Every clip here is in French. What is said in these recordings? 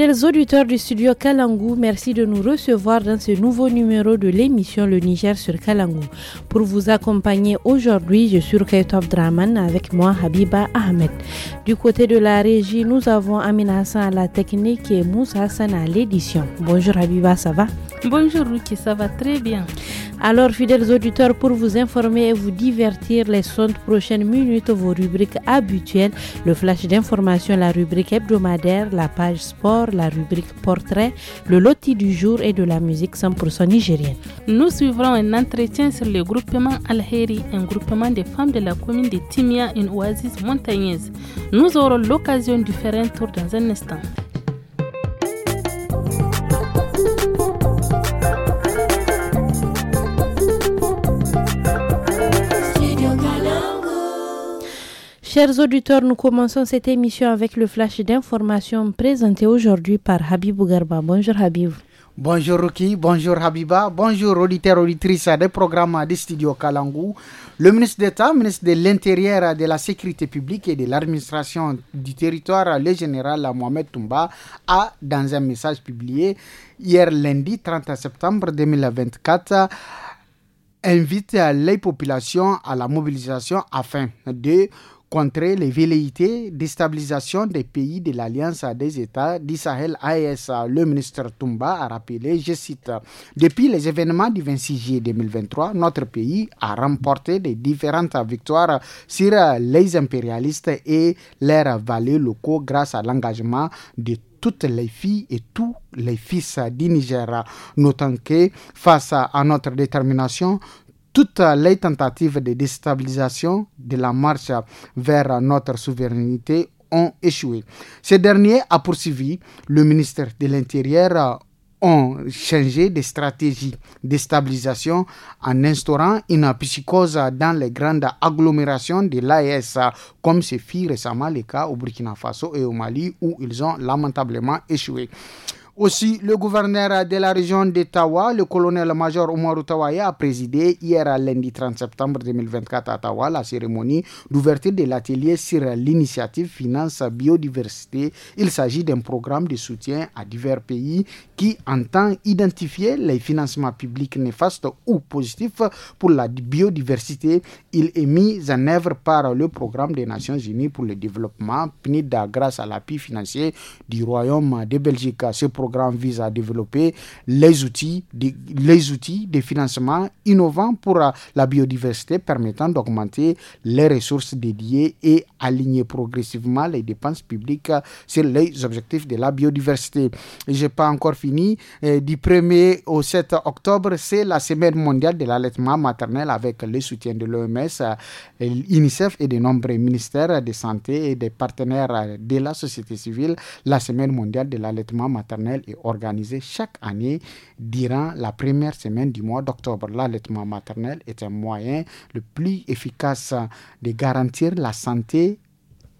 Fidèles auditeurs du studio Kalangou, merci de nous recevoir dans ce nouveau numéro de l'émission Le Niger sur Kalangou. Pour vous accompagner aujourd'hui, je suis Kaitop Draman avec moi Habiba Ahmed. Du côté de la régie, nous avons Amina Hassan à la technique et Moussa Hassan à l'édition. Bonjour Habiba, ça va Bonjour Ruki, ça va très bien. Alors, fidèles auditeurs, pour vous informer et vous divertir les 60 prochaines minutes, vos rubriques habituelles, le flash d'information, la rubrique hebdomadaire, la page sport la rubrique Portrait, le loti du jour et de la musique 100% nigérienne. Nous suivrons un entretien sur le groupement Alheri, un groupement des femmes de la commune de Timia, une oasis montagneuse. Nous aurons l'occasion de faire un tour dans un instant. Chers auditeurs, nous commençons cette émission avec le flash d'information présenté aujourd'hui par Habib Bougarba. Bonjour Habib. Bonjour Ruki, bonjour Habiba, bonjour auditeurs, auditrices des programmes des studios Kalangou. Le ministre d'État, ministre de l'Intérieur, de la Sécurité publique et de l'Administration du territoire, le général Mohamed Toumba, a, dans un message publié hier lundi 30 septembre 2024, invité les populations à la mobilisation afin de contrer les velléités déstabilisation des pays de l'Alliance des États disraël ASA Le ministre Toumba a rappelé, je cite, Depuis les événements du 26 juillet 2023, notre pays a remporté des différentes victoires sur les impérialistes et leurs valets locaux grâce à l'engagement de toutes les filles et tous les fils du Niger. Notant que, face à notre détermination, toutes les tentatives de déstabilisation de la marche vers notre souveraineté ont échoué. Ces dernier a poursuivi le ministère de l'Intérieur ont changé de stratégie de stabilisation en instaurant une psychose dans les grandes agglomérations de l'ASA, e comme ce fit récemment le cas au Burkina Faso et au Mali, où ils ont lamentablement échoué. Aussi, le gouverneur de la région d'Ottawa, le colonel-major Omar Tawaya, a présidé hier à lundi 30 septembre 2024 à Ottawa la cérémonie d'ouverture de l'atelier sur l'initiative Finance Biodiversité. Il s'agit d'un programme de soutien à divers pays qui entend identifier les financements publics néfastes ou positifs pour la biodiversité. Il est mis en œuvre par le programme des Nations Unies pour le développement, PNIDA, grâce à l'appui financier du Royaume de Belgique. Ce programme vise à développer les outils, les outils de financement innovants pour euh, la biodiversité permettant d'augmenter les ressources dédiées et aligner progressivement les dépenses publiques euh, sur les objectifs de la biodiversité. Je n'ai pas encore fini. Euh, du 1er au 7 octobre, c'est la semaine mondiale de l'allaitement maternel avec le soutien de l'OMS, l'UNICEF et de nombreux ministères de santé et des partenaires de la société civile. La semaine mondiale de l'allaitement maternel est organisée chaque année durant la première semaine du mois d'octobre. L'allaitement maternel est un moyen le plus efficace de garantir la santé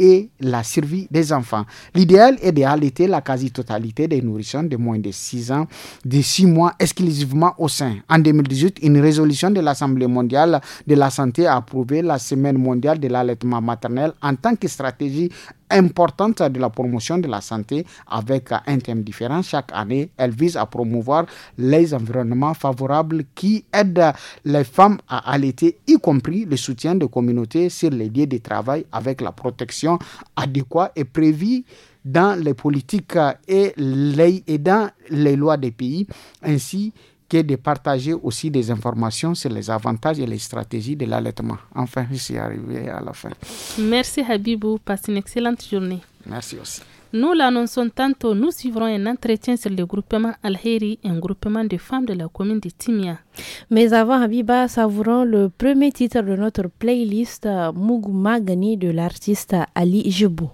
et la survie des enfants. L'idéal est d'allaiter la quasi-totalité des nourrissons de moins de 6 ans, de 6 mois exclusivement au sein. En 2018, une résolution de l'Assemblée mondiale de la santé a approuvé la semaine mondiale de l'allaitement maternel en tant que stratégie importante de la promotion de la santé avec un thème différent chaque année. Elle vise à promouvoir les environnements favorables qui aident les femmes à allaiter, y compris le soutien des communautés sur les lieux de travail avec la protection adéquate et prévue dans les politiques et, les, et dans les lois des pays, ainsi est de partager aussi des informations sur les avantages et les stratégies de l'allaitement. Enfin, je suis arrivé à la fin. Merci Habibou, passe une excellente journée. Merci aussi. Nous l'annonçons tantôt, nous suivrons un entretien sur le groupement Alheri, un groupement de femmes de la commune de Timia. Mais avant, Habiba, savourons le premier titre de notre playlist euh, Mugu Magani de l'artiste Ali Jebou.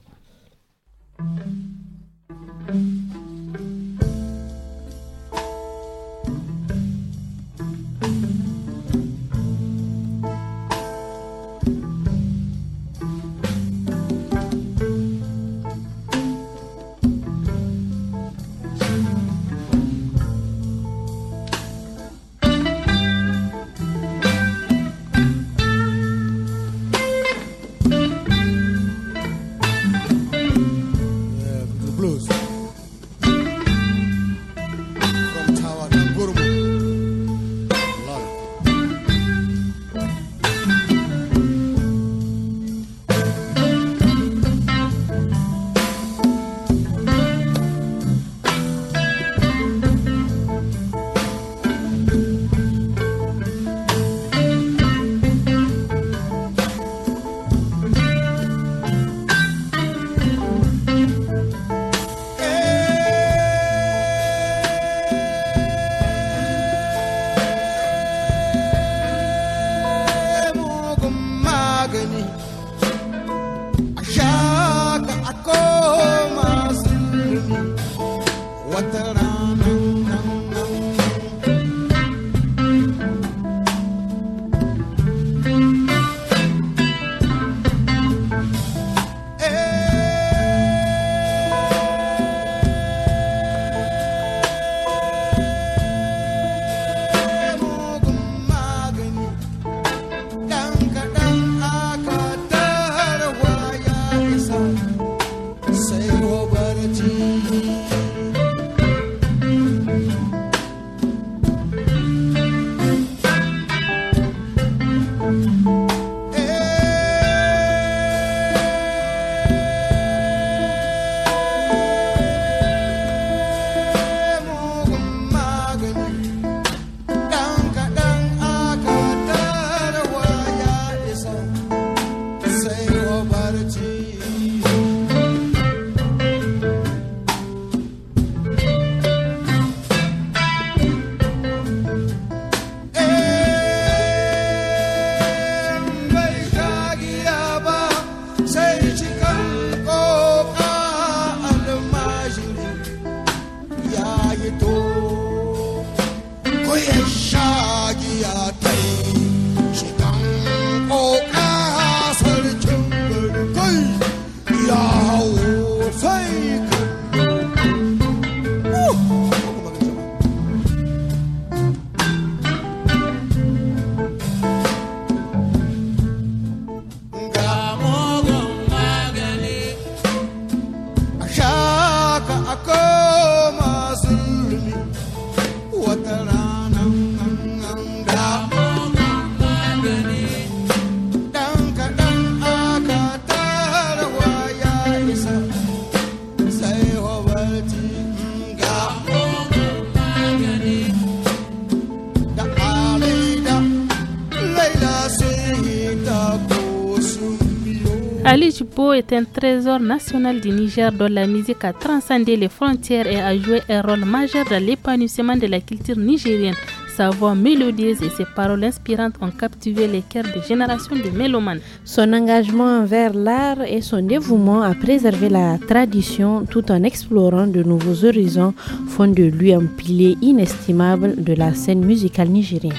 est un trésor national du Niger dont la musique a transcendé les frontières et a joué un rôle majeur dans l'épanouissement de la culture nigérienne. Sa voix mélodieuse et ses paroles inspirantes ont captivé les cœurs des générations de mélomanes. Son engagement envers l'art et son dévouement à préserver la tradition tout en explorant de nouveaux horizons font de lui un pilier inestimable de la scène musicale nigérienne.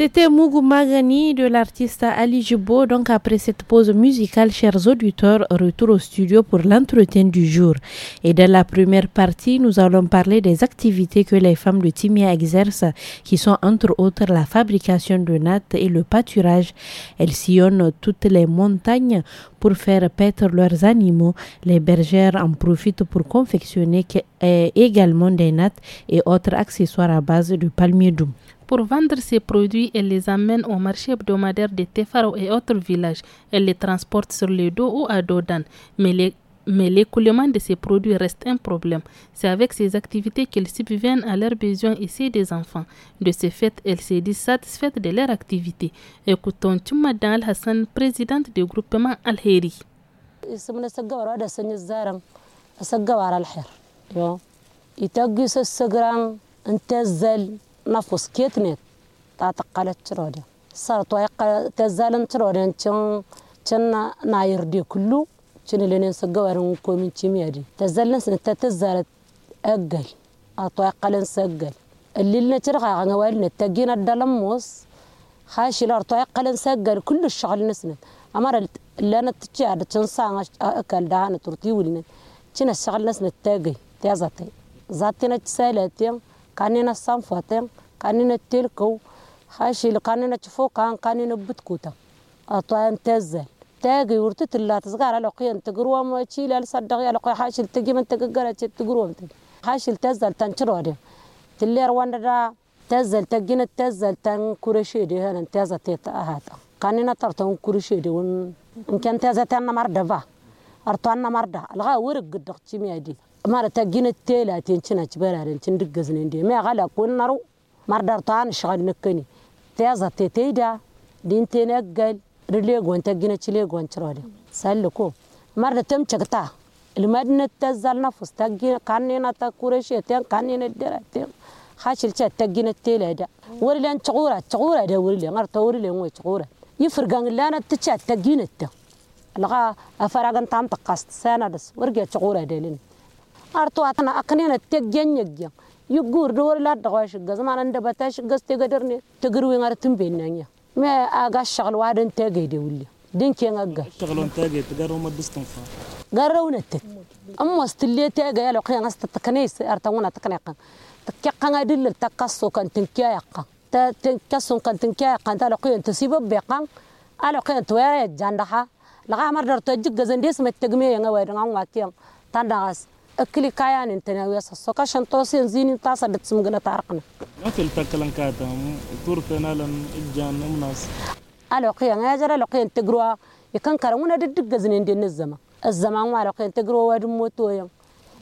C'était Mougou Magani de l'artiste Ali Jibo. Donc après cette pause musicale, chers auditeurs, retour au studio pour l'entretien du jour. Et dans la première partie, nous allons parler des activités que les femmes de Timia exercent, qui sont entre autres la fabrication de nattes et le pâturage. Elles sillonnent toutes les montagnes pour faire paître leurs animaux. Les bergères en profitent pour confectionner eh, également des nattes et autres accessoires à base de palmier doux. Pour vendre ces produits, elles les amènent au marché hebdomadaire de Tefaro et autres villages. Elles les transportent sur le dos ou à dos d'âne. Mais les mais l'écoulement de ces produits reste un problème. C'est avec ces activités qu'elles subviennent à leurs besoins et ceux des enfants. De ce fait, elles se disent satisfaites de leur activité. Écoutons Tumadan Al-Hassan, présidente du groupement Al-Heri. شن اللي نسقو أرن كومين تيميري تزلن سنتا تزارت أقل أتوقع سقل اللي لنا ترغى عن والنا تجينا الدلموس خاشي لار توقع سقل كل الشغل نسنا أمر اللي أنا تجعد تنصان أكل دعانا ترتي ولنا تنا الشغل نسنا تاجي تازاتي زاتنا تسالتي كاننا الصنفاتي كاننا التلكو خاشي لقاننا تفوق عن قاننا بتكوتا أطوان تزل تاجي ورتت لا تصغر على قيان ما شيء لا صدق على قي حاش تجي من تجروا تقروم حاش التزل تنشروا ده تلي روان را تزل تجين التزل تن كرشي ده هن تزل تيتا هذا كاننا ترتون كرشي ده ون إن كان تزل تنا مرد فا أرتنا مرد الغا ورق قدق تيمي دي مرة تجين تيلا تنشنا تبرر تنشن دقزن دي ما غلا كون نرو مرد أرتان شغل نكني تزل ده دين تنقل rilye gonta gina chile gonchirode salluko marda tem chagta ilmadna tazalna fusta gina kanina ta kureshi ten kanina dera ten hashil cha tagina telada warilan chqura chqura da warilan arta warilan way chqura yifirgan lana ticha tagina ta laga afaragan tam taqast sanadas warga chqura dalin arto atna aknina tagenya gyan yugur do warila dqash gazman anda batash gas tegadarne tagruwin artin benanya ما أجا الشغل وارن تاجي دولي دين كين أجا الشغل تاجي تجارو ما دستن فا جارونا تك أما استلي تاجي يا لقيا ناس تتكنيس أرتونا تكنيقا تكيقا دل تقصو كان تنكيقا تكسو كان تنكيقا تلقيا تسيب بيقا ألقيا تويا جندها لقى مرة تجيك جزنديس متجمعين ويرنا وما كين تندعس أكلي كيان تناوي أساسا كاشن توسين زين تاسا بتسمجنا تعرقنا في التكلم كاتم تورتنا لن إجان أمناس جرا على ألوقيا تجروا يكن كرمونا دد جزنين دين الزمان الزمان وألوقيا تجروا ودموتوا يوم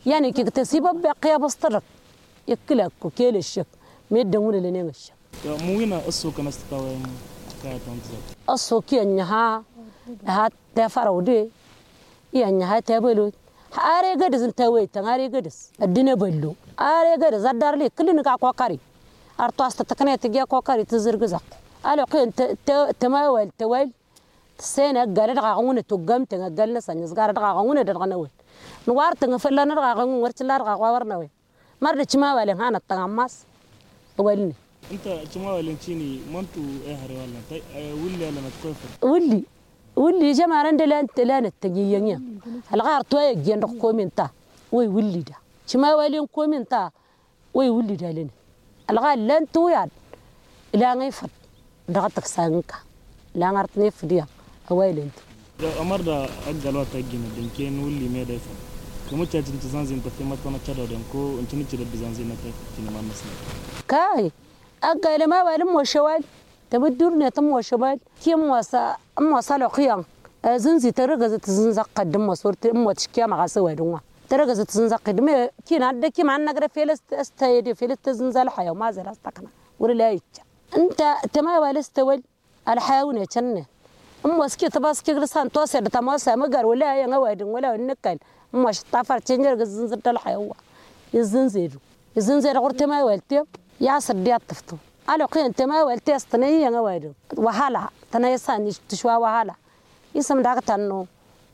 يعني كي تسيب بقيا بسترك يكلك وكيل الشك ميدون لنا الشك موينا السوق نستوى كاتم السوق ينها هات تفرودي ينها تبلوت አሬ ገደስ እንተወይተ አሬ ገደስ እድነ በሉ አሬ ገደስ አዳርሌ ክልን ቃ አርቶ አስተ ተከነተ ጊያ ትዝርግዛ አለ ተማወል ተወል ሰነ ገለድ ጋውን ተገም ተገለለ ሰኝስ ጋር ጋውን ደርገነወል ንዋር ተገፈለነ ጋውን ወርችላር ጋዋር ነው ማርደ ችማዋለ ሃና ተጋማስ ወልኒ انت جماعه لنتيني منتو اهري ولا انت ولي لما تكفر ولي جماعة رند لان تلان التجيني الغار توي جين رقوم أنت وي ولي دا شما ولي قوم أنت وي ولي دا لين الغار لان أنت ويان لا غيفر ضغطك سانكا لا غرتني في ديا أويل أنت أمر دا أجل واتجين دينكين ولي ما دايفر كمتى أنت زانزين تفهمت أنا كذا دينكو أنت نتشرب بزانزين أنت ما نسمع كاي أجل ما ولم وشوال تمدرنا تم وشبال كيم وسا أم وصلوا قيام آه، زنزي ترغز تزنزق قدم وصورة أم وتشكي مع سوى دوما ترجع تزنزق قدم كي عندك كيم عن نقرا فيلس استيدي فيلس تزنزل حياة وما زال استقنا ولا يتش أنت تما ولست ول الحياة ونتشنه أم وسكي تباس كي غرسان توسع تماسة مقر ولا يا ينقود ولا النكال أم وش طافر تنجر زنزل الحياة هو يزنزيرو يزنزير غرتما ولتي يا سديات تفتو alo qeen tama wal test na yanga waydo wahala tana yasan tishwa wahala isam daga tanno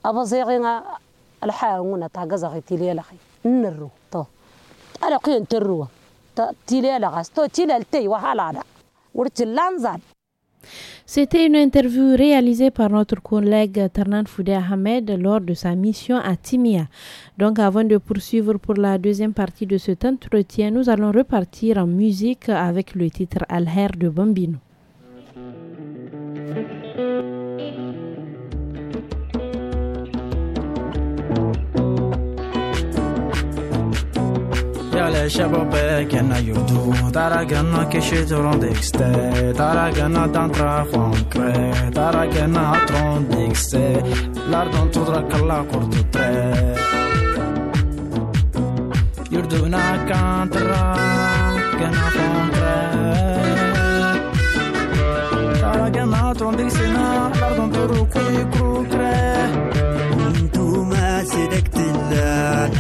abo zeqinga alhaa nguna ta gaza khitili ala khi nirru to alo qeen tirru ta tili ala gas to tili altay wahala da wurti lanzad C'était une interview réalisée par notre collègue Ternan Foudé Ahmed lors de sa mission à Timia. Donc avant de poursuivre pour la deuxième partie de cet entretien, nous allons repartir en musique avec le titre Alher de Bambino. على شبابك انا يودو تراكنا كشيت رونديكستي تراكنا تنطرا فونكري تراكنا هاترون ديكستي لاردون تدرك الله قرطو تري يردونا كانترا كنا فونكري تراكنا هاترون ديكسينا لاردون تروكي كروكري انتو ما سيدك تلا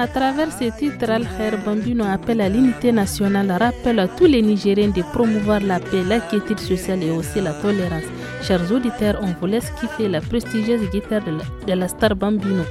À travers ces titres, Al-Khair Bambino appelle à l'unité nationale, rappelle à tous les Nigériens de promouvoir la paix, la sociale et aussi la tolérance. Chers auditeurs, on vous laisse quitter la prestigieuse guitare de la star Bambino.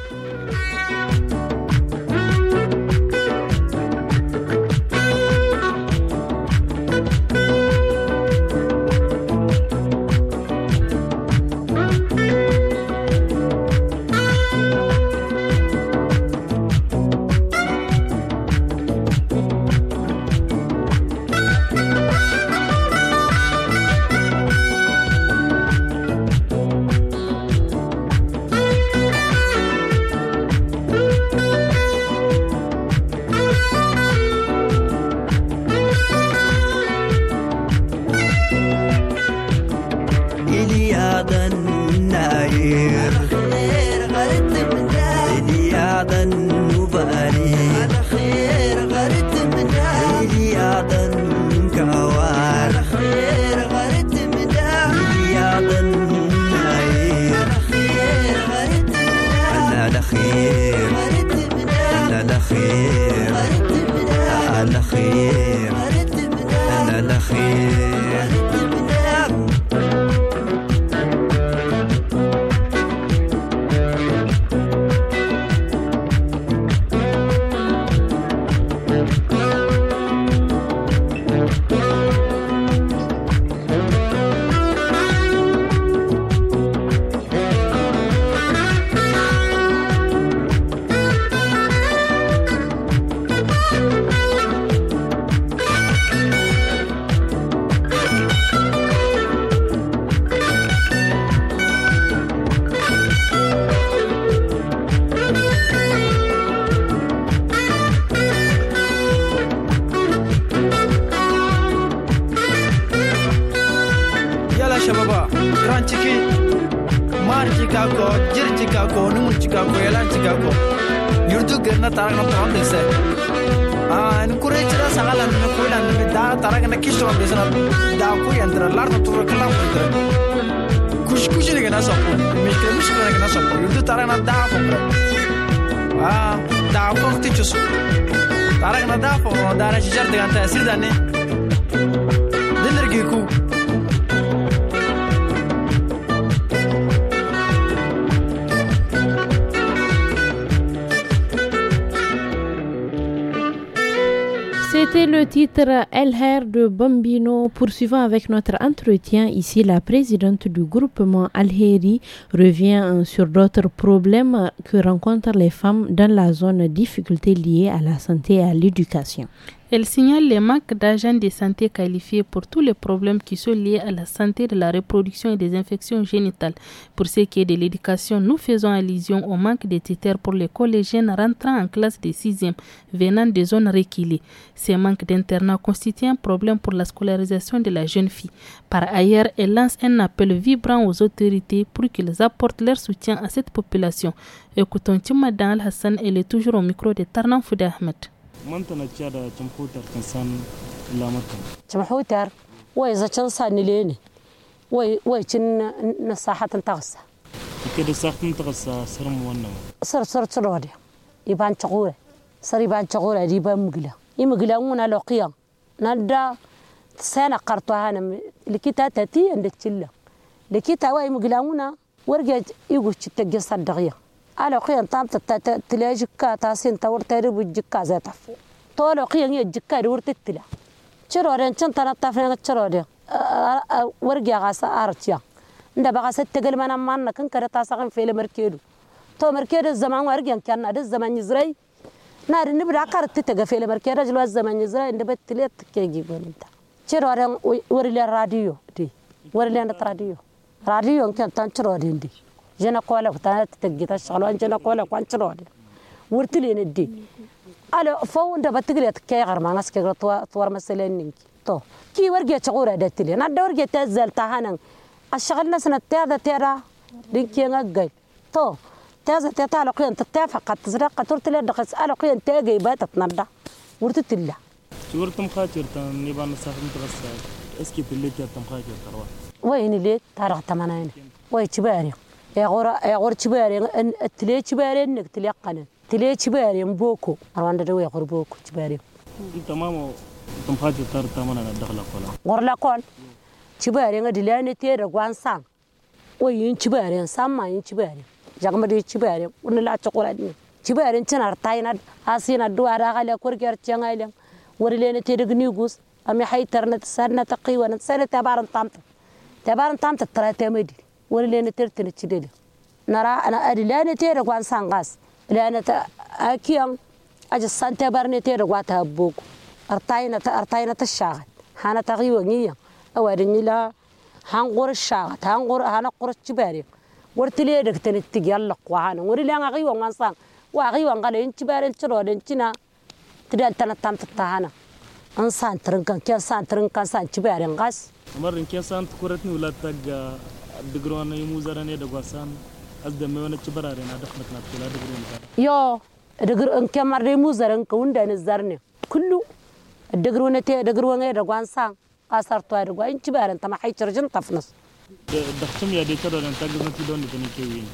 C'était le titre El de Bambino. Poursuivant avec notre entretien, ici la présidente du groupement Alheri revient euh, sur d'autres problèmes que rencontrent les femmes dans la zone difficulté liée à la santé et à l'éducation. Elle signale les manques d'agents de santé qualifiés pour tous les problèmes qui sont liés à la santé de la reproduction et des infections génitales. Pour ce qui est de l'éducation, nous faisons allusion au manque de titres pour les collégiennes rentrant en classe de 6e venant des zones reculées. Ces manques d'internat constitue un problème pour la scolarisation de la jeune fille. Par ailleurs, elle lance un appel vibrant aux autorités pour qu'elles apportent leur soutien à cette population. Écoutons Timadan Al-Hassan, elle est toujours au micro de Tarnan Fouda Ahmed. maanta na ciya da camhutar kan san lamarka camhutar wai zacan sa ni lene wai cin na sahatan takasa ike da sahatan takasa sar mu wannan sar sar sar wada iban cakura sar iban cakura di ban mugila i mugila nguna loqiya na da sana qarto hana likita tati inda cilla likita wai mugila nguna warge igu citta gesa dagiya alo qiyan taabta tila jikkaa taasin tawrtayri bu jikkaa zeetaf toolo qiyan iyo jikkaari wurtitila cirooren cintana tafnega ciroode wargiaqaasa arciya ndabaqaasa tegelmana manna kin kada taasaqin feele markeedu to markeeda zaman wargiyan kianna ada zaman yizray naadi nibda karti tega feele markeeda jilwa zaman yizray ndaba tileet keegi goninta cirooren warilen radio di warilen radio radio nkian tan cirooden di جنا قولا فتات تجيت الشغل وان جنا قولا وان شلون ورتلي ندي على فو انت بتقلي تكير ما ناس كغر تو تور مسلين تو كي ورجع تقول هذا تلي انا دور جت ازل تهانا الشغل ناس نتاذا ترى دينك ينا جاي تو تازا تاتا على قيان تتافا قد تزرق ترتلي دخس على قيان تاجي باتت نردا ورتلي شورتم خاطر نيبان صاحب مدرسه اسكي تلي تم خاطر وين اللي تعرف تمانين وي تباري eora eor chibare en tle chibare nek tle qane tle chibare mboko rwanda de wekhur boko chibare tamamo tumhaji tar tamana na dakhla kola gorla kon chibare nga dilane te de gwan sang o yin chibare sang ma yin chibare jagma de chibare unla chokola ni chibare chen ar tayna asina duara gale kor ger chengale worilene te de gni gus ami haytarna tsarna taqiwana tsarna tabaran tamta tabaran tamta tra temedi wani lena tertene cidede nara ana adi lena tere gwan sangas lena ta akiyan aji sante barne tere gwa ta boku artayna ta artayna ta shagat hana ta giwa ngiya awadi ngila han qor shagat han qor hana qor cibari wartile de tene tigyalla qwana wani lena giwa ngwan sang wa giwa ngale in cibari ciro den cina tidan tana tam ta hana an san trinkan kyan san trinkan san cibari ngas amarin kyan san kuratni wala tagga digirona yimuu zarane dagwasan asda mewenachi bararena dakhmatnat kula digirona yo digir inke marde yimuu zaran kawunda ne zarne kullu digirona te digirona dagwansan asartu ay dagwa inchi baran tama hay chirjin tafnas dakhtum ya de chadoran tagiznati don ne kewin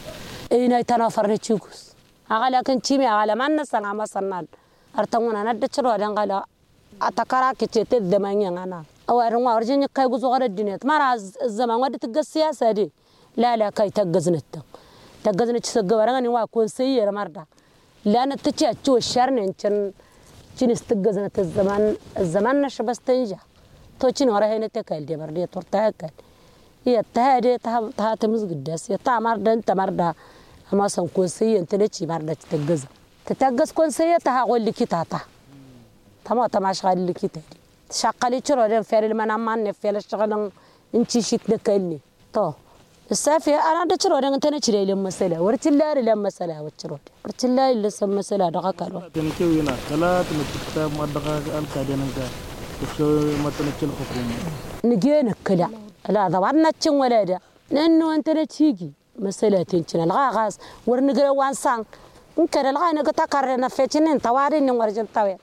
ina tana farne chigus agala kan chimi agala manna sanga masanal artanguna nadde chiro dan gala atakara kichete demanya ngana أو أرنوا أرجعني كي جزء غير الدنيا مرة الزمان ودي تجس سياسة دي لا لا كي تجزنت تجزنت تسجل ورغني واكون سير مرة لأن تتشي أتشو الشرن إنشان تشين استجزنت الزمان الزمان نش بس تنجح تو تشين ورا هنا تكال دي بردي تورتها كال هي تهادي تها تها تمز قداس يا تا مرة أنت مرة أما سن كون سير أنت نتشي مرة تتجز تتجز كون سير تها قول لك تاتا تما تما شغال لك تهدي شقليتشرو رين فيري المنا ما نفيل نعم الشغل انتي شيت نكلي تو السافي انا دتشرو رين انت نشري لي مسألة ورت الله ري مسألة سلا وتشرو الله اللي سم مسألة دقا كارو تمكي وينا ثلاث متكتا ما دقا الكادين انت شو ما تنكل حكومه نجينا كلا لا ضوعنا نتشن ولا ده لانه انت نتيجي مسلا تنشن الغاغاس ورنقرا وانسان inkere laqayna gata karena fechinin tawarin nin warjin tawe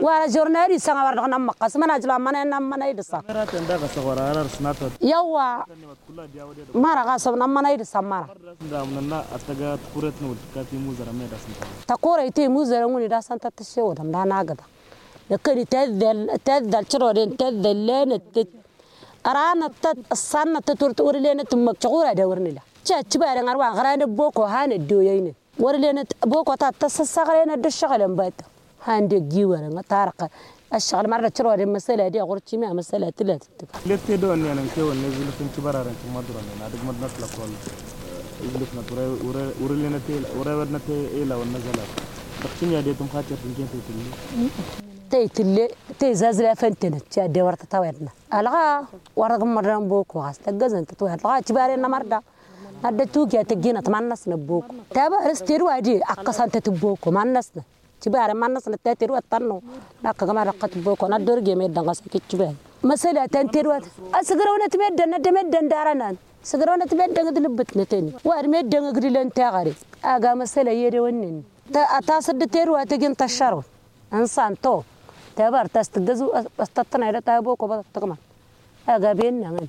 wala jornari sanga war dhaqna maqas mana jila mana na mana idisa yawa mara qasab na mana idisa mara takureyti muzara nguni dasanta tishe wadam dana gada lakani tadal tadal chirorin tadal lana arana tad sanna taturtu urlena tumak chaqura dawrnila cha chibara ngarwa ngarana boko hana doyaynin ورلين بوكو تاتس الصغرين الشغل بعد هاندي جيوان تارق الشغل مرة تروى المسألة دي أقول تشي مع مسألة تلات ليت دون يعني كيو نزل في انتبار أنت مدرة يعني أدق مدرة لك ولا إجلس نتوري ورلين تيل ورلين تيل إلا إيه والنزلة تقسم يا ديتم خاطر في الجنة تيل تي تلي تي زازلا فنتنت تي دي ورطة تاويرنا ألغا ورغم مرة بوكو غاس تقزن تتوهد لغا تبارينا مرة addatu ge tegina tamannas na boko taba esteru adi akasante tiboko mannas na tibare mannas na teteru atanno nakka gama rakkat boko na dorge me dangas kichbe masala tanteru at asgrawna tme danna deme dandaranan sgrawna tme dangdnbet neteni war me dangdlen tagare aga masala yede wonnen ta asdteru ategin tasharo ansanto tabar tas tgazu astatna ida tabo ko ba tagma aga ben nangan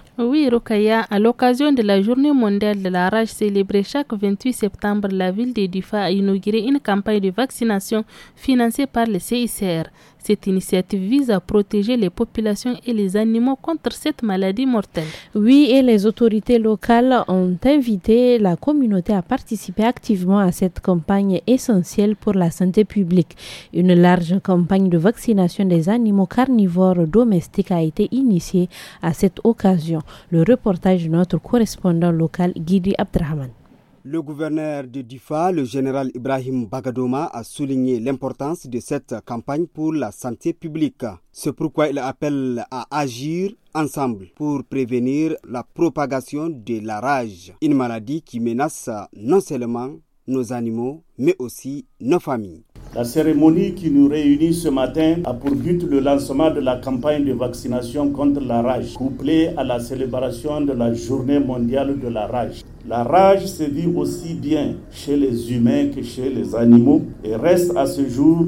Oui, Rokaya, à l'occasion de la journée mondiale de la rage célébrée chaque 28 septembre, la ville de a inauguré une campagne de vaccination financée par le CICR. Cette initiative vise à protéger les populations et les animaux contre cette maladie mortelle. Oui, et les autorités locales ont invité la communauté à participer activement à cette campagne essentielle pour la santé publique. Une large campagne de vaccination des animaux carnivores domestiques a été initiée à cette occasion. Le reportage de notre correspondant local, Guidi Abdrahman. Le gouverneur de Difa, le général Ibrahim Bagadoma, a souligné l'importance de cette campagne pour la santé publique. C'est pourquoi il appelle à agir ensemble pour prévenir la propagation de la rage, une maladie qui menace non seulement nos animaux, mais aussi nos familles. La cérémonie qui nous réunit ce matin a pour but le lancement de la campagne de vaccination contre la rage, couplée à la célébration de la journée mondiale de la rage. La rage se vit aussi bien chez les humains que chez les animaux et reste à ce jour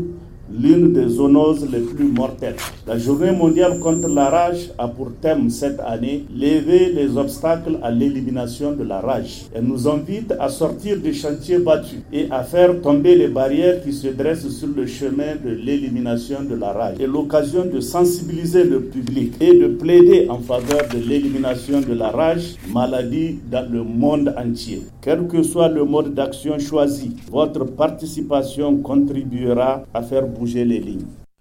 l'une des zoonoses les plus mortelles. La journée mondiale contre la rage a pour thème cette année lever les obstacles à l'élimination de la rage. Elle nous invite à sortir des chantiers battus et à faire tomber les barrières qui se dressent sur le chemin de l'élimination de la rage. C'est l'occasion de sensibiliser le public et de plaider en faveur de l'élimination de la rage, maladie dans le monde entier. Quel que soit le mode d'action choisi, votre participation contribuera à faire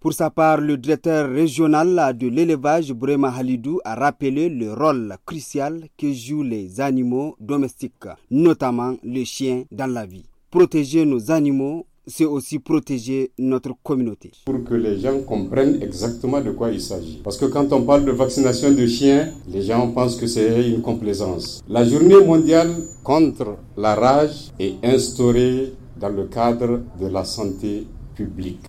pour sa part, le directeur régional de l'élevage Brema Halidou a rappelé le rôle crucial que jouent les animaux domestiques, notamment les chiens dans la vie. Protéger nos animaux, c'est aussi protéger notre communauté. Pour que les gens comprennent exactement de quoi il s'agit. Parce que quand on parle de vaccination de chiens, les gens pensent que c'est une complaisance. La journée mondiale contre la rage est instaurée dans le cadre de la santé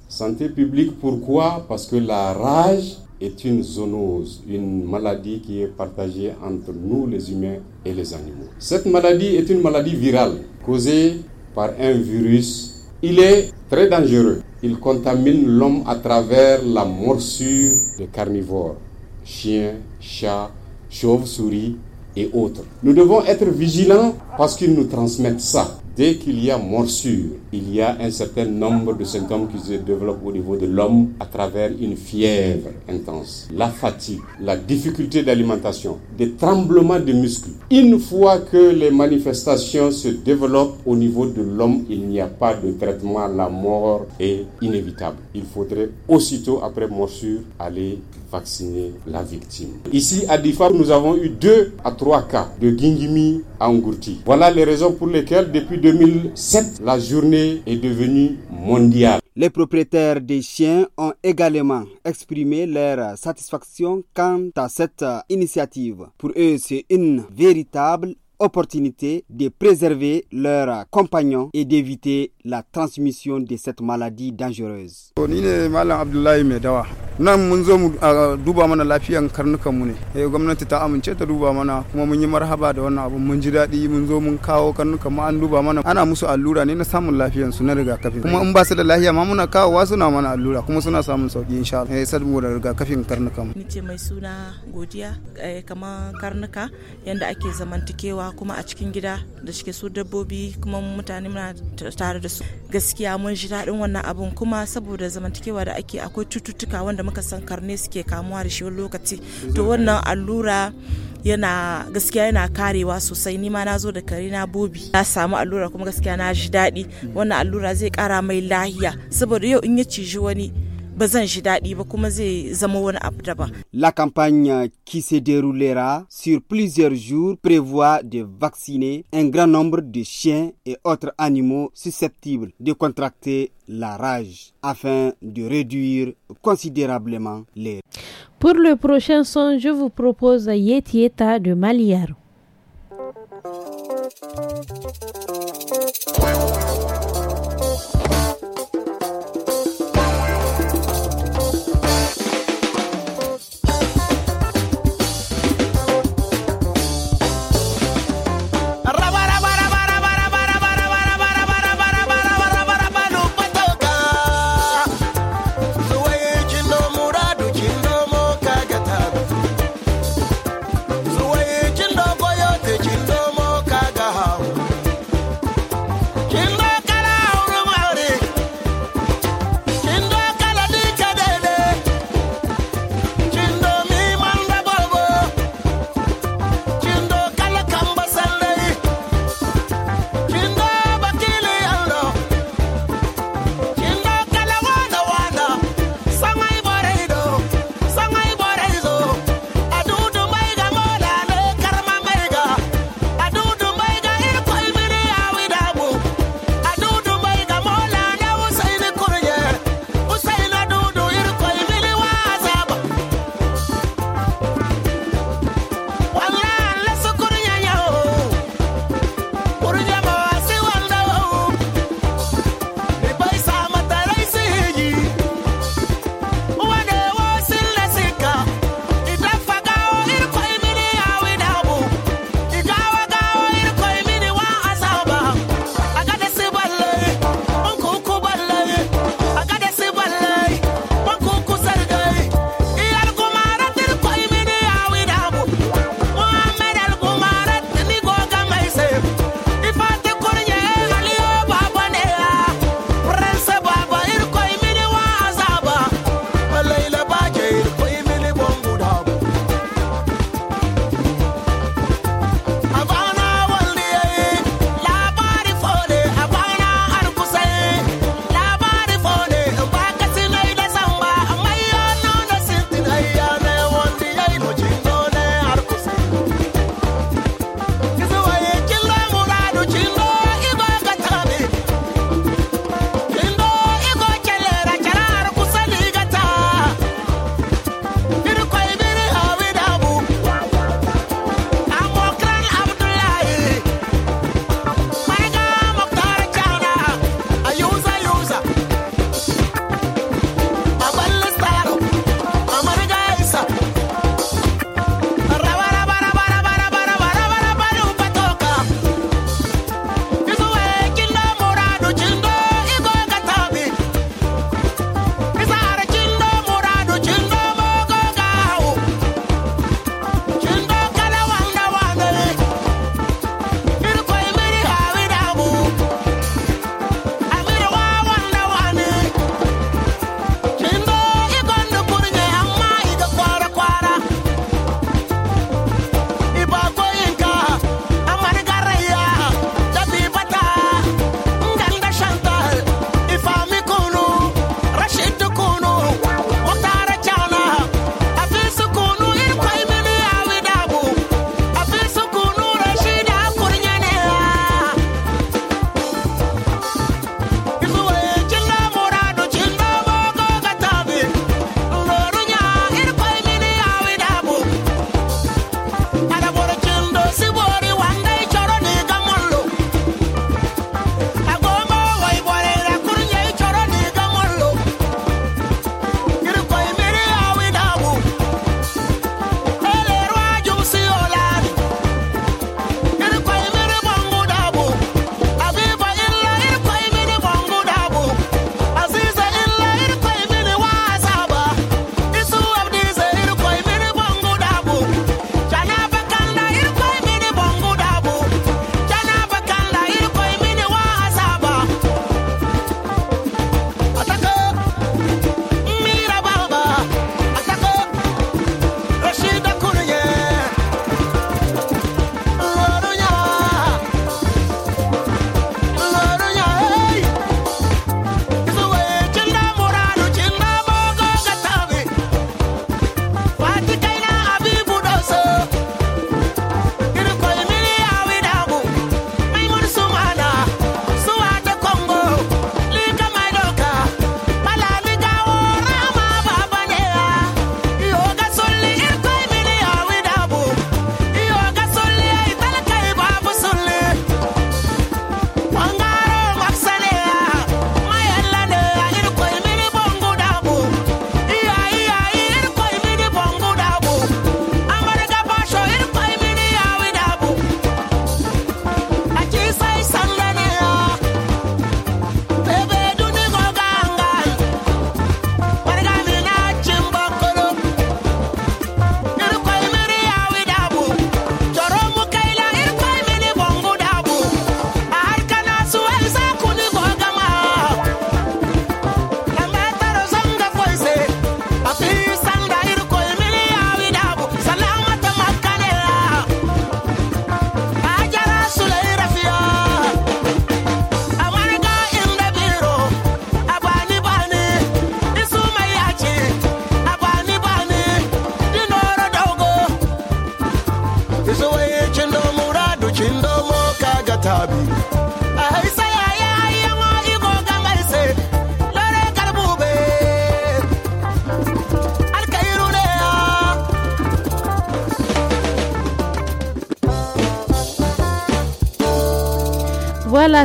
Santé publique, pourquoi Parce que la rage est une zoonose, une maladie qui est partagée entre nous les humains et les animaux. Cette maladie est une maladie virale causée par un virus. Il est très dangereux. Il contamine l'homme à travers la morsure de carnivores, chiens, chats, chauves-souris et autres. Nous devons être vigilants parce qu'ils nous transmettent ça dès qu'il y a morsure, il y a un certain nombre de symptômes qui se développent au niveau de l'homme à travers une fièvre intense, la fatigue, la difficulté d'alimentation, des tremblements de muscles. Une fois que les manifestations se développent au niveau de l'homme, il n'y a pas de traitement, la mort est inévitable. Il faudrait aussitôt après morsure aller vacciner la victime. Ici, à Difa, nous avons eu deux à trois cas de Gingimi à Voilà les raisons pour lesquelles, depuis 2007, la journée est devenue mondiale. Les propriétaires des chiens ont également exprimé leur satisfaction quant à cette initiative. Pour eux, c'est une véritable opportunité de préserver leurs compagnons et d'éviter la transmission de cette maladie dangereuse. nan mun zo mu duba mana lafiyan karnukan mu ne eh gwamnati ta amince ta duba mana kuma mun yi marhaba da wannan abun mun ji daɗi mun zo mun kawo karnukan mu an duba mana ana musu allura ne na samun lafiyan su na rigakafi kuma in ba su da lafiya ma muna wa suna mana allura kuma suna samun sauki insha Allah eh da rigakafin karnukan mu ce mai suna godiya eh, kamar karnuka yanda ake zamantakewa kuma a cikin gida da shike su dabbobi kuma mutane muna tare da su gaskiya mun ji daɗin wannan abun kuma saboda zamantakewa da ake akwai cututtuka wanda da muka san karne suke kamuwa da shi wani lokaci to wannan allura yana gaskiya yana karewa sosai nima na zo da kare na bobi na samu allura kuma gaskiya na ji daɗi wannan allura zai kara mai lahiya saboda yau in ya ciji wani La campagne qui se déroulera sur plusieurs jours prévoit de vacciner un grand nombre de chiens et autres animaux susceptibles de contracter la rage afin de réduire considérablement les. Pour le prochain son, je vous propose Yetieta de Maliaro.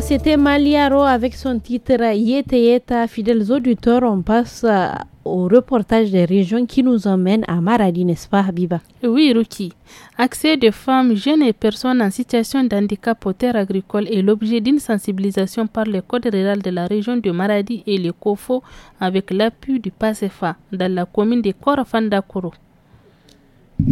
c'était Maliaro avec son titre Yete Yeta. Fidèles auditeurs, on passe euh, au reportage des régions qui nous emmène à Maradi, n'est-ce pas, Habiba Oui, Ruki. Accès des femmes, jeunes et personnes en situation d'handicap aux terres agricoles est l'objet d'une sensibilisation par le Code rural de la région de Maradi et le COFO avec l'appui du PASEFA e dans la commune de Korafandakoro.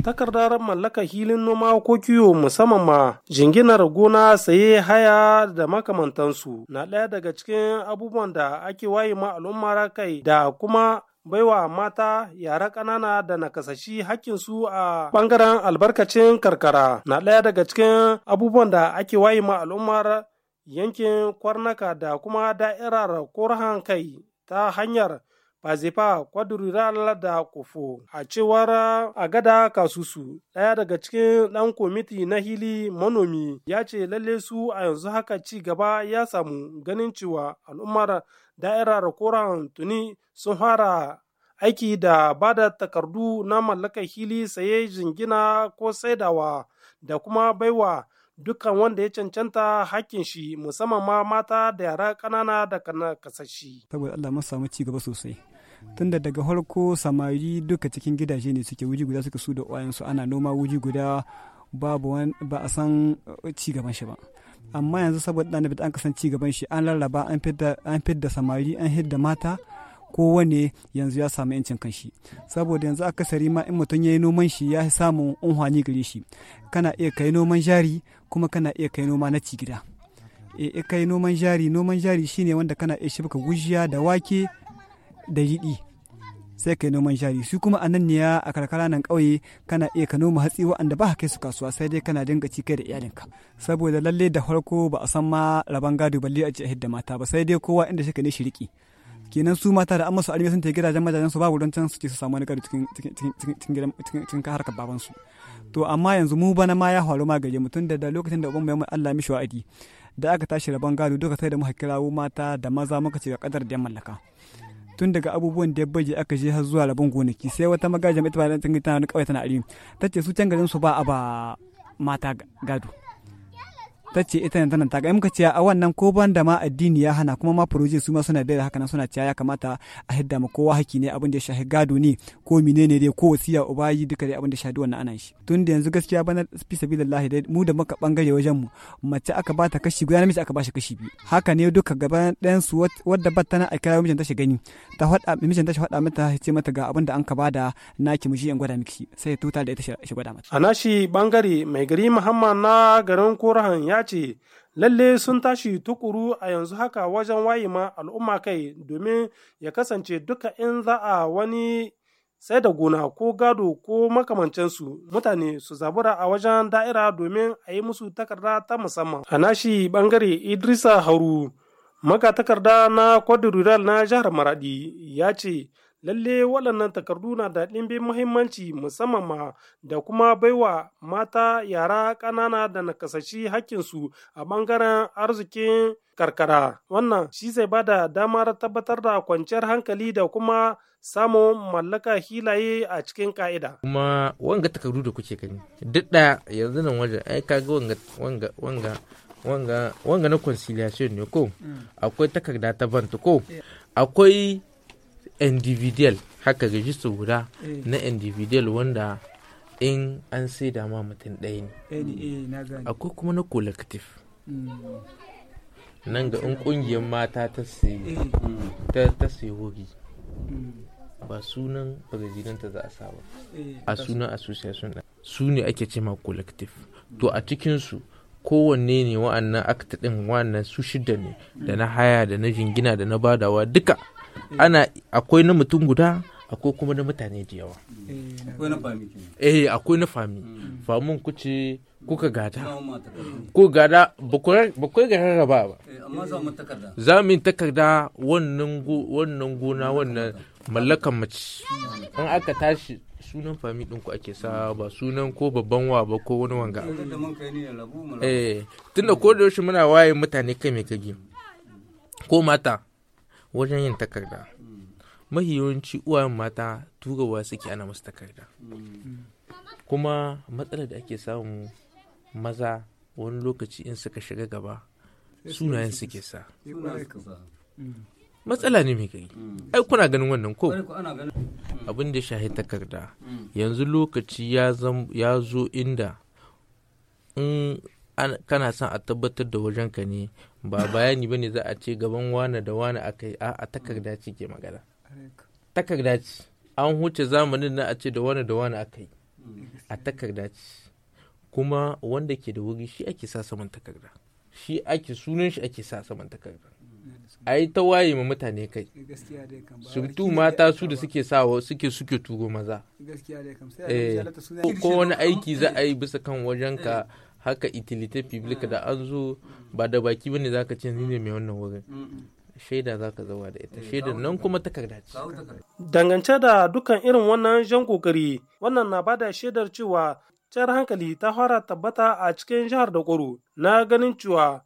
takardar mallaka hilin noma ko kiwo musamman ma jinginar gona saye haya da makamantansu na ɗaya daga cikin abubuwan da ake waye ma al'umma kai da kuma baiwa mata yara ƙanana da nakasashi hakkinsu a ɓangaren albarkacin karkara na ɗaya daga cikin abubuwan da ake waye ma al'ummar yankin kwarnaka da kuma da'irar korhan kai ta hanyar Bazefa kwadurira da kofo a cewar agada kasusu ɗaya daga cikin ɗan komiti na hili manomi ya ce lalle su a yanzu haka ci gaba ya samu ganin cewa al'ummar da'irar koran tuni sun fara aiki da ba da takardu na mallakar hili saye jingina ko saidawa da kuma baiwa dukkan wanda ya cancanta hakkin shi musamman ma mata da yara ƙanana da kasashi. Saboda Allah mun samu ci gaba sosai. tunda daga farko samari duka cikin gidaje ne suke wuji guda suka su da uwayensu ana noma wuji guda ba a san uh, ci gaban shi ba amma yanzu saboda bit an kasan ci gaban shi an rarraba an fidda samari an hidda mata kowane yanzu ya samu yancin kanshi saboda yanzu akasari ma in mutum ya yi noman shi ya samu unhwani gare shi kana iya kai noman jari kuma kana iya kai noma na ci gida. e eh, kai noman jari noman jari shine wanda kana iya shibka gujiya da wake da yiɗi sai kai noman jari su kuma a nan ne a karkara nan ƙauye kana iya ka noma hatsi waɗanda ba kai su kasuwa sai dai kana dinga ci kai da iyalinka saboda lalle da farko ba a san ma raban gado balle a jihar da mata ba sai dai kowa inda shi ne shiriki kenan su mata da an masu arme sun ta gidajen majajen su babu don can su ce su samu wani gado cikin harkar babansu to amma yanzu mu bana ma ya faru ma gari mutum da da lokacin da ubanmu ya mai Allah mishi wa'adi da aka tashi raban gado duka sai da muka kirawo mata da maza muka ce ga kadar da ya mallaka tun daga abubuwan da ya baje aka je har zuwa rabon gonaki sai wata magajin ita ba tana wani kawai tana arimi ta ce su can garin su ba a ba mata gado ta ce ita ne tana taka muka ce a wannan ko ban da ma addini ya hana kuma ma proje su ma suna da haka nan suna cewa ya kamata a hidda ma kowa haki ne abin da ya shafi gado ne ko menene dai ko wasiya ubayi duka dai abin da shafi wannan anan shi tun da yanzu gaskiya bana fi sabilillahi dai mu da muka bangare wajen mu mace aka ba ta kashi guda namiji aka ba shi kashi biyu haka ne duka gaba ɗayan su wadda ba ta na a kira ta shi gani ta faɗa ta shi faɗa mata ce mata ga abin da an ka ba da naki miji in gwada miki sai tuta da ita shi gwada mata a nashi bangare mai gari muhammad na garin korahan ya ce, lalle sun tashi tukuru a yanzu haka wajen waye ma al'umma kai domin ya kasance duka in za a wani sai da gona ko gado ko makamancinsu mutane su zabura a wajen da'ira domin a yi musu takarda ta musamman. A nashi bangare Idrisa Hauru, magatakarda na kwadar Rural na jihar Maradi ya ce, lalle waɗannan takardu na da ɗimbin muhimmanci musamman ma da kuma baiwa mata yara ƙanana da nakasashi hakkinsu a ɓangaren arzikin karkara wannan shi zai ba da damar tabbatar da kwanciyar hankali da kuma samun mallaka hilaye a cikin ka'ida. kuma wanga takardu da kuke gani duk da yanzu nan wajen ai kaga wanga wanga wanga wanga wanga na conciliation ne ko mm. akwai takarda ta banta ko akwai individual haka rajista guda eh. na individual wanda in an sai dama mutum ɗaya ne eh, eh, akwai kuma na collective mm. nan ga in ƙungiyar mata ta sai wuri mm. ba sunan presidenta za a sa ba a sunan association su ne ake ce ma collective to a cikinsu kowanne ne wa'annan akta ɗin wa'annan su shida ne da na haya da na jingina da na badawa duka Mm. ana akwai na mutum guda akwai kuma na mutane da yawa eh akwai na fami eh, mm. famun kuce kuka gada ko gada ba ku rarraba ba eh, za mu yi takarda wannan gona wannan mallakan mace An aka tashi sunan fami din ku ake sa ba sunan ko babban wa ba ko wani wanga eh tunda ko da yaushe muna waye mutane kai mai kage ko mata wajen yin takarda mafi yawanci uwayen mata turawa suke ana musu takarda kuma matsalar da ake samu maza wani lokaci in suka shiga gaba sunayen suke sa matsala ne mai gari ai kuna ganin wannan ko abin da shahi takarda yanzu lokaci ya zo inda in kana son a tabbatar da wajenka ne ba bayani bane za a ce gaban wane da wane aka yi a takarda ce ke magana takarda ce an huce zamanin na a ce da wane da wane aka yi a takarda ce kuma wanda ke da wuri shi ake sa saman takarda shi ake sunan shi ake sa saman takarda a yi ta waye ma mutane kai surtu mata su da suke sawa suke suke turo maza eh, ko wani aiki za a yi bisa kan wajenka eh. haka itilite public hmm. da an zo ba da baki bane zaka ce ni ne mai wannan wurin hmm, hmm. shaida za ka zama da ita eh, shaida nan kuma ta dace. Dangance da dukkan irin wannan jan kokari wannan na bada shaidar cewa jar hankali ta fara tabbata a cikin jihar da na ganin cewa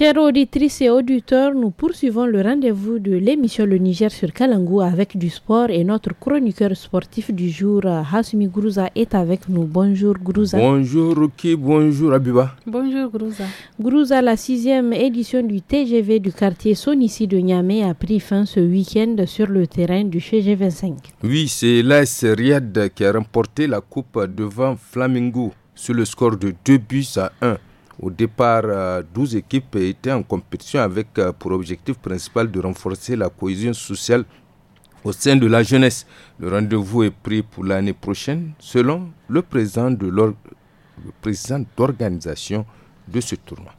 Chers auditrices et auditeurs, nous poursuivons le rendez-vous de l'émission Le Niger sur Kalangou avec du sport et notre chroniqueur sportif du jour, Hasumi Grouza, est avec nous. Bonjour Grouza. Bonjour Ruki, bonjour Abiba. Bonjour Grouza. Grouza, la sixième édition du TGV du quartier Sonici de Niamey a pris fin ce week-end sur le terrain du CG25. Oui, c'est l'AS Riyad qui a remporté la coupe devant Flamingo sur le score de 2 buts à 1. Au départ, 12 euh, équipes étaient en compétition avec euh, pour objectif principal de renforcer la cohésion sociale au sein de la jeunesse. Le rendez-vous est pris pour l'année prochaine selon le président de de ce tournoi.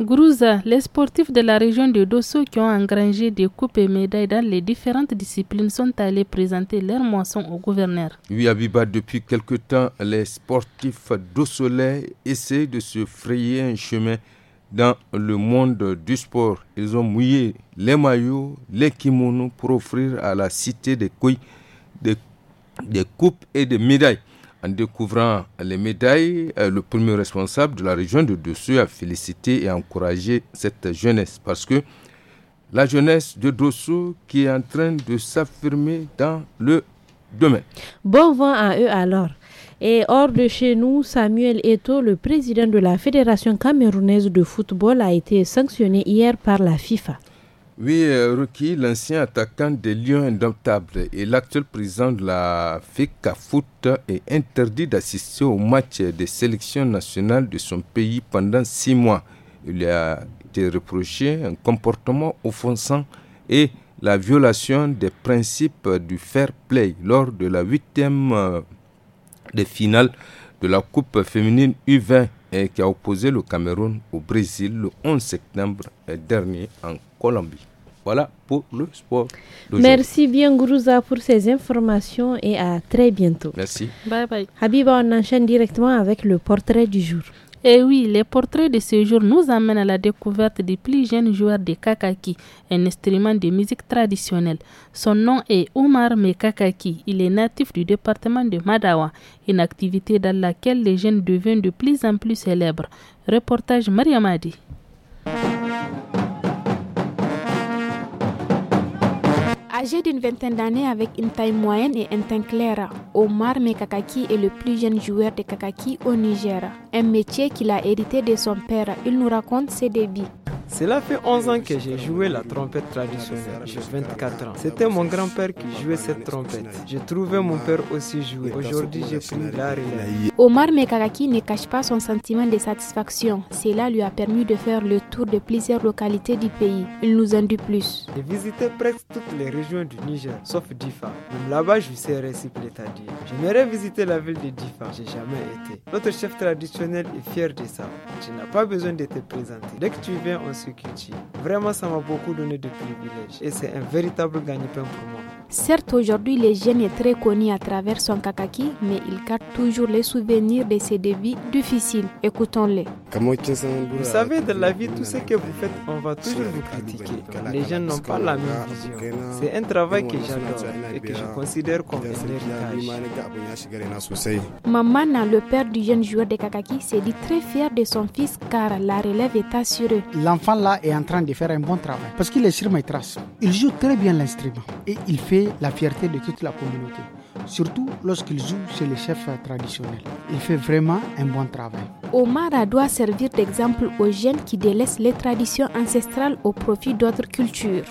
Grouza, les sportifs de la région de Dosso qui ont engrangé des coupes et médailles dans les différentes disciplines sont allés présenter leur moissons au gouverneur. Oui, Abiba, depuis quelque temps, les sportifs dossolais essaient de se frayer un chemin dans le monde du sport. Ils ont mouillé les maillots, les kimonos pour offrir à la cité des couilles des coupes et des médailles. En découvrant les médailles, euh, le premier responsable de la région de Dossou a félicité et encouragé cette jeunesse parce que la jeunesse de Dossou qui est en train de s'affirmer dans le domaine. Bon vent à eux alors. Et hors de chez nous, Samuel Eto, le président de la Fédération camerounaise de football, a été sanctionné hier par la FIFA. Oui, euh, Ruki, l'ancien attaquant des Lions Indomptables et l'actuel président de la FICA Foot est interdit d'assister aux matchs des sélections nationales de son pays pendant six mois. Il a été reproché un comportement offensant et la violation des principes du fair play lors de la huitième euh, des finales de la Coupe féminine U20 et qui a opposé le Cameroun au Brésil le 11 septembre dernier en Colombie. Voilà pour le sport. Merci bien, Gourouza, pour ces informations et à très bientôt. Merci. Bye bye. Habiba, on enchaîne directement avec le portrait du jour. Eh oui, les portraits de ce jour nous amènent à la découverte des plus jeunes joueurs de kakaki, un instrument de musique traditionnelle. Son nom est Omar Mekakaki. Il est natif du département de Madawa, une activité dans laquelle les jeunes deviennent de plus en plus célèbres. Reportage Mariamadi. Âgé d'une vingtaine d'années avec une taille moyenne et un teint clair, Omar Mekakaki est le plus jeune joueur de Kakaki au Niger. Un métier qu'il a hérité de son père. Il nous raconte ses débuts. Cela fait 11 ans que j'ai joué la trompette traditionnelle. J'ai 24 ans. C'était mon grand-père qui jouait cette trompette. J'ai trouvé mon père aussi jouer. Aujourd'hui, j'ai pris l'art Omar Mekakaki ne cache pas son sentiment de satisfaction. Cela lui a permis de faire le tour de plusieurs localités du pays. Il nous en dit plus. J'ai visité presque toutes les régions du Niger, sauf Difa. Même là-bas, je sais si c'est-à-dire, j'aimerais visiter la ville de Difa, j'ai jamais été. Notre chef traditionnel est fier de ça. Tu n'as pas besoin de te présenter. Dès que tu viens, on se cultive. Vraiment, ça m'a beaucoup donné de privilèges et c'est un véritable gagne-pain pour moi. Certes, aujourd'hui, le jeune est très connu à travers son kakaki, mais il garde toujours les souvenirs de ses débuts difficiles. Écoutons-les. Vous savez, dans la vie, tout ce que vous faites, on va toujours vous critiquer. Les jeunes n'ont pas la même vision. C'est un travail que j'adore et que je considère comme un héritage. Mamana, le père du jeune joueur de kakaki, s'est dit très fier de son fils car la relève est assurée. L'enfant là est en train de faire un bon travail parce qu'il est sur mes traces. Il joue très bien l'instrument et il fait la fierté de toute la communauté, surtout lorsqu'il joue chez les chefs traditionnels. Il fait vraiment un bon travail. Omar doit servir d'exemple aux jeunes qui délaissent les traditions ancestrales au profit d'autres cultures.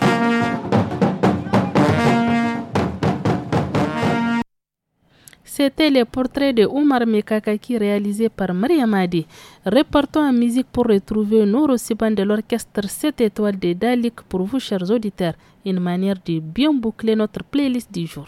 C'était le portrait de Omar Mekakaki réalisé par Madi. Repartons en musique pour retrouver nos ban de l'orchestre 7 étoiles de Dalik pour vous, chers auditeurs. Une manière de bien boucler notre playlist du jour.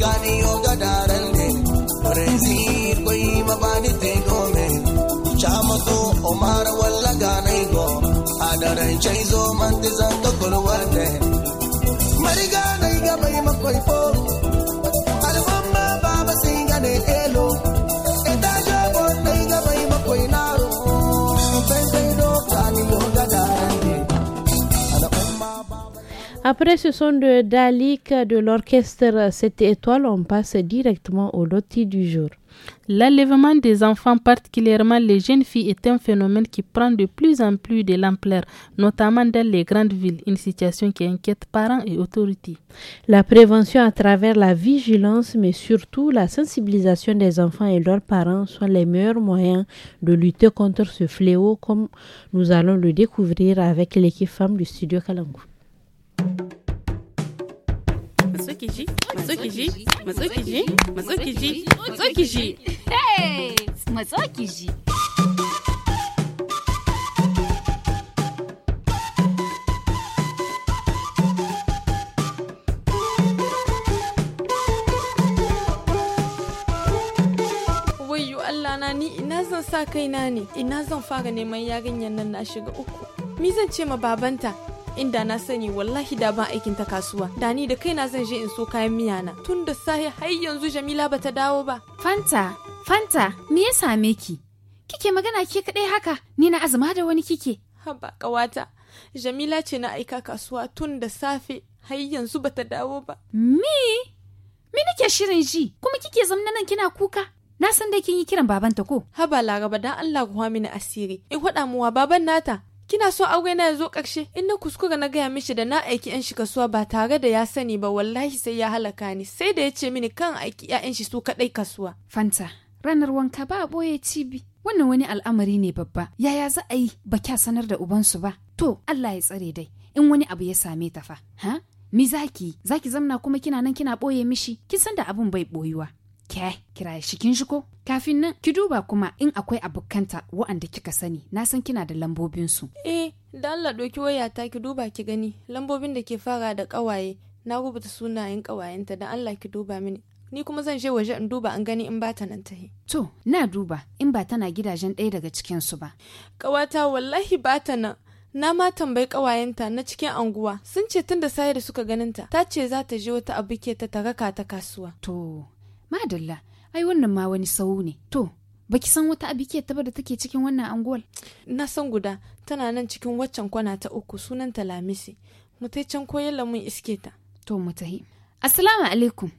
daran de, Renzi koi mabani tego me to omar walla go, Adaran chaizo mante zanto kulwate Mariganaiga bai makwai po Alwamba baba singane elo Après ce son de Dalik de l'orchestre Cette étoile, on passe directement au loti du jour. L'enlèvement des enfants, particulièrement les jeunes filles, est un phénomène qui prend de plus en plus de l'ampleur, notamment dans les grandes villes, une situation qui inquiète parents et autorités. La prévention à travers la vigilance, mais surtout la sensibilisation des enfants et leurs parents sont les meilleurs moyens de lutter contre ce fléau, comme nous allons le découvrir avec l'équipe femme du studio Kalangou. matsukiji matsukiji matsukiji matsukiji matsukiji matsukiji na ni ina zan sa kaina ne ina zan fara neman yarinyar nan na shiga uku mi zan ce ma babanta inda na sani wallahi da ban aikin ta kasuwa da ni da kai kaina zan je in so kayan miya na tun da sai har yanzu Jamila bata dawo ba Fanta Fanta me ya same ki kike magana ke kadai haka ni na azuma da wani kike haba kawata Jamila ce na aika kasuwa tun da safe har yanzu bata dawo ba me me nake shirin ji kuma kike zamna nan kina kuka na san dai kin yi kiran babanta ko haba laraba dan Allah ku mini asiri in faɗa muwa baban nata kina so aure na ya zo ƙarshe in na kuskura na gaya mishi da na aiki yan shi kasuwa ba tare da ya sani ba wallahi sai ya halaka ni sai da ya ce mini kan aiki yayan shi su kaɗai kasuwa. Fanta ranar wanka ba a ɓoye cibi wannan wani al'amari ne babba yaya za a yi ba kya sanar da ubansu ba to Allah ya tsare dai in wani abu ya same ta fa ha mi zaki zaki zamna kuma kina nan kina ɓoye mishi kin san da abun bai ɓoyuwa. ke kiraye shikin shi ko kafin nan ki duba kuma in akwai abokanta wa'anda kika sani na san kina da lambobinsu eh da Allah ɗauki wayata ki duba ki gani lambobin da ke fara da ƙawaye na rubuta sunayen ƙawayenta da Allah ki duba mini ni kuma zan je waje in duba an gani in ba ta nan tahi. To, na duba in ba tana gidajen ɗaya daga cikinsu ba. Ƙawata wallahi ba ta nan. Na ma tambayi ƙawayenta na cikin anguwa sun ce tun da sayar suka ganinta ta ce za ta je wata abu ke ta taraka ta kasuwa. To, madalla ai wannan ma wani sau ne to baki san wata abikiyar taba da take cikin wannan anguwar na san guda tana nan cikin waccan kwana ta uku sunan ta lamisi mu tai can koyar da mun iske ta to mu assalamu alaikum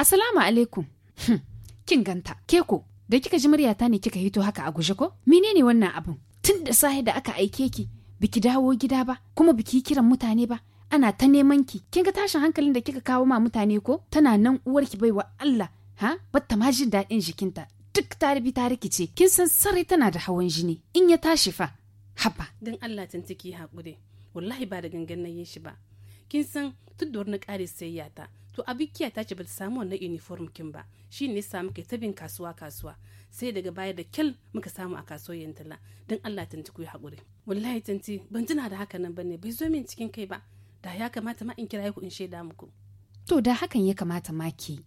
assalamu alaikum hm, kin ganta ke ko da kika ji muryata ne kika hito haka a guje ko menene wannan abun tun da sahi da aka aike ki biki dawo gida ba kuma biki kiran mutane ba ana ta neman ki kin ga tashin hankalin da kika kawo ma mutane ko tana nan uwarki baiwa Allah ha batta ma jin daɗin jikinta duk tarbi ta rikice kin san sarai tana da hawan jini in ya tashi fa haba dan Allah tantiki hakuri wallahi ba da gangan na yin shi ba kin san tudduwar na ƙare sayayya ta to abikiya ta ce ba ta samu wannan uniform kin ba shi ne samu kai ta bin kasuwa kasuwa sai daga baya da kyal muka samu a kasuwar tala don Allah tanti ku yi wallahi tanti ban tuna da haka nan bane bai zo min cikin kai ba da ya kamata ma in kira ku in shaida muku to da hakan ya kamata ma ke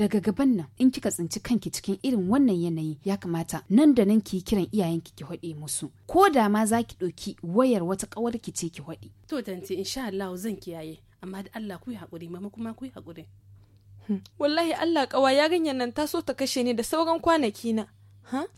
daga gaban nan in kika tsinci kanki cikin irin wannan yanayi ya kamata nan da nan ki kiran iyayenki ki haɗe musu ko da ma za ki ɗauki wayar wata ƙawar ki ce ki haɗe. to tante insha Allah zan kiyaye amma da Allah ku yi haƙuri mama kuma ku yi haƙuri. Hmm. wallahi Allah ƙawa yarinyar nan ta so ta kashe ni da sauran kwanaki na.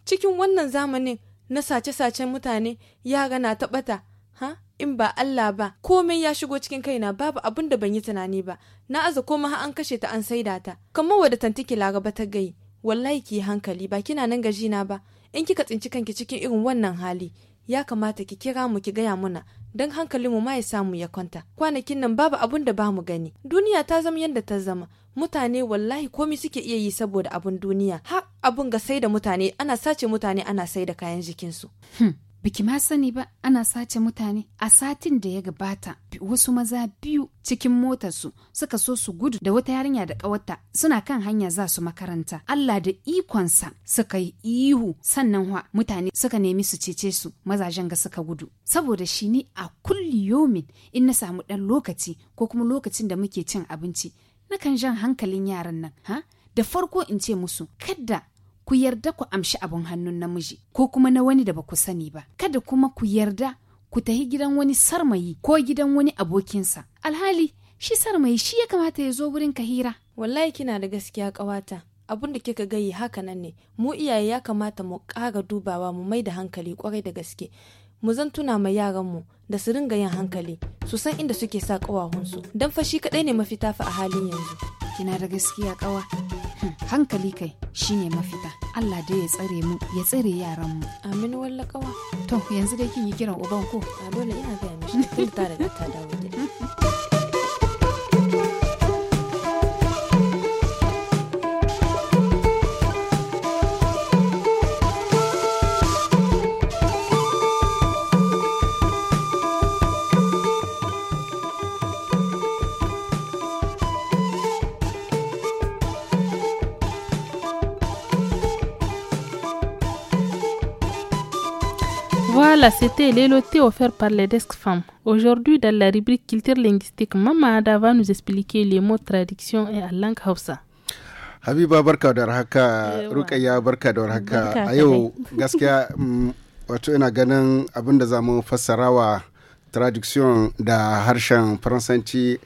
cikin wannan zamanin na sace-sacen mutane yara na taɓata ha in ba Allah ba komai ya shigo cikin kaina babu abin da ban yi tunani ba na aza koma har an kashe ta an saida ta kamar wadda tantiki laraba ta gai wallahi ki hankali ba kina nan gaji na ba in kika tsinci kanki cikin irin wannan hali ya kamata ki kira mu ki gaya muna don hankalinmu ma ya samu ya kwanta kwanakin nan babu abun da bamu gani duniya ta zama yadda ta zama mutane wallahi komai suke iya yi saboda abun duniya har abun ga sai da mutane ana sace mutane ana sai da kayan jikinsu. Hmm. biki ma sani ba ana sace mutane a satin da ya gabata wasu maza biyu cikin motarsu suka so su gudu da wata yarinya da ƙawarta suna kan hanya za su makaranta Allah da ikonsa suka yi ihu sannan wa mutane suka nemi su cece su mazajen ga suka gudu saboda shi ni a kulli yomin in na samu ɗan lokaci ko kuma lokacin da muke cin abinci nakan jan hankalin yaran nan ha da farko in ce musu kadda. ku yarda ku amshi abin hannun namiji ko kuma na wani da ba ku sani ba kada kuma ku yarda ku tahi gidan wani sarmayi ko gidan wani abokinsa alhali shi sarmayi shi ya kamata ya zo wurin ka hira wallahi kina da gaskiya kawata abun da kika gayi haka nan ne mu iyaye ya kamata mu ƙara dubawa mu mai da hankali kwarai da gaske mu zan tuna ma mu da su ringa yin hankali su san inda suke sa ƙawahunsu don fashi kaɗai ne mafita fa a halin yanzu kina da gaskiya ƙawa hm, hankali kai shine mafita Allah dai ya tsare mu ya tsare yaran mu amin walla ƙawa to yanzu dai kin yi kiran uban ko a dole ina ga mishi tun da ta dawo Voilà, c'était l'éloté offert par les desks femmes. Aujourd'hui, dans la rubrique culture linguistique, Maman Ada va nous expliquer les mots de traduction et à langue Hausa. Habiba barka da haka, eh, Rukaya barka da haka. Ayo, gaskiya mm, wato ina ganin abin da zamu fassarawa traduction da harshen Faransanci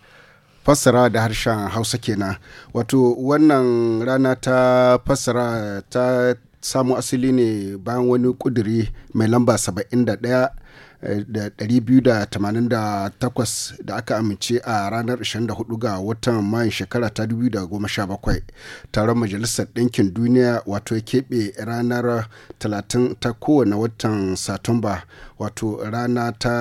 fassara da harshen Hausa kenan. Wato wannan rana ta fassara ta samu asali ne bayan wani kuduri mai lamba 71 da 288 eh, da aka amince a ranar 24 ga watan mayan shekara ta 2017 taron majalisar ɗinkin duniya wato ya keɓe ranar 30 ta kowane watan satumba wato rana ta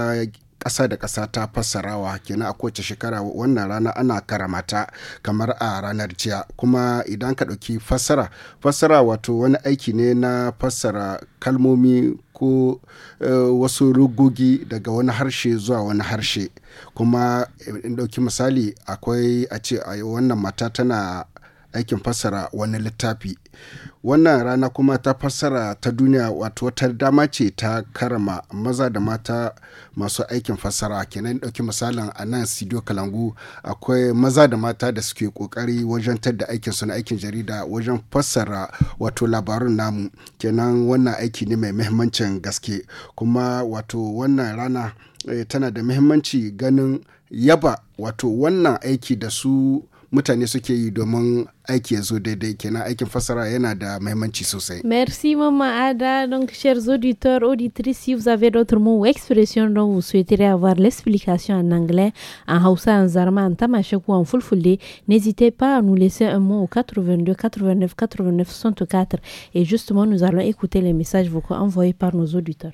ƙasa da ƙasa ta fassarawa kenan a kowace shekara wannan rana ana karamata kamar a ranar jiya kuma idan ka ɗauki fassara fassara wato wani aiki ne na fassara kalmomi ko eh, wasu rugugi daga wani harshe zuwa wani harshe kuma in ɗauki misali akwai a ce wannan mata tana aikin fassara wani littafi wannan rana kuma ta fassara ta duniya wato wata dama ce ta karama maza da mata masu aikin fassara kenan ɗauki misalin a nan studio kalangu akwai maza da mata da suke kokari wajen tadda aikin su na aikin jarida wajen fassara wato labarun namu kenan wannan aiki ne mai muhimmancin gaske kuma wato wannan rana eh, tana da muhimmanci ganin yaba wato wannan aiki da su Merci maman Ada donc chers auditeurs auditrices si vous avez d'autres mots ou expressions dont vous souhaiterez avoir l'explication en anglais, en Hausa, en Zarma, en Tamashek ou en Fulfulde, n'hésitez pas à nous laisser un mot au 82 89 89 64 et justement nous allons écouter les messages vous envoyés par nos auditeurs.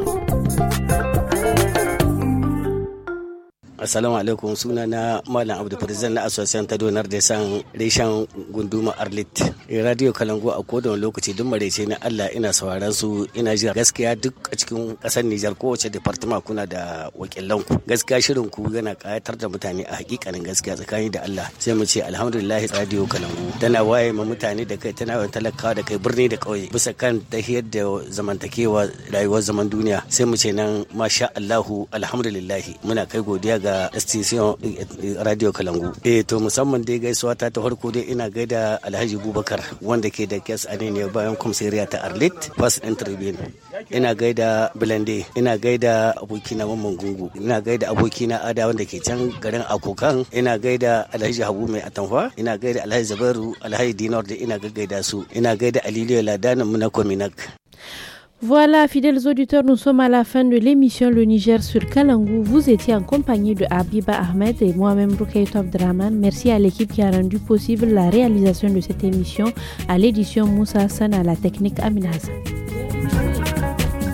Assalamu alaikum suna na Malam Abdul Farizan na Association ta Donar da San Reshen Gunduma Arlit. Eh, Radio Kalango a kodon lokaci duk marece na Allah ina sauraron su ina jira gaskiya duk a cikin kasar Nijar kowace department kuna da wakilan ku. Gaskiya shirin ku yana kayatar da mutane a hakikanin gaskiya tsakani da Allah. Sai mu ce alhamdulillah Radio Kalango tana waye ma mutane da kai tana talakawa da kai birni da kauye bisa kan tahiyar da zamantakewa rayuwar zaman duniya sai mu ce nan masha Allahu alhamdulillah muna kai godiya ga station eh, radio kalangu eh to musamman dai gaisuwa ta ta farko dai ina gaida alhaji bubakar wanda ke da kes a ne bayan kumsiriya ta arlit first intervene ina gaida blende ina gaida na mamman gungu ina gaida na ada wanda ke can garin akokan ina gaida alhaji habu mai atamfa ina gaida alhaji zabaru alhaji dinar da ina gaggaida su ina gaida aliliyo ladanin mu na kominak Voilà, fidèles auditeurs, nous sommes à la fin de l'émission Le Niger sur Kalangou. Vous étiez en compagnie de Abiba Ahmed et moi-même Rukaito Abdraman. Merci à l'équipe qui a rendu possible la réalisation de cette émission, à l'édition Moussa Hassan, à la technique Aminaz.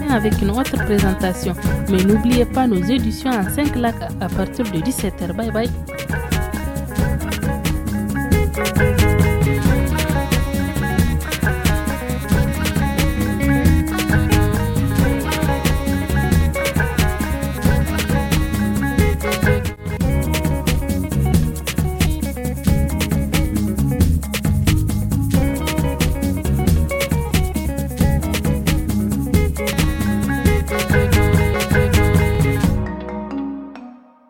Avec une autre présentation, mais n'oubliez pas nos éditions à 5 lacs à partir de 17h. Bye bye.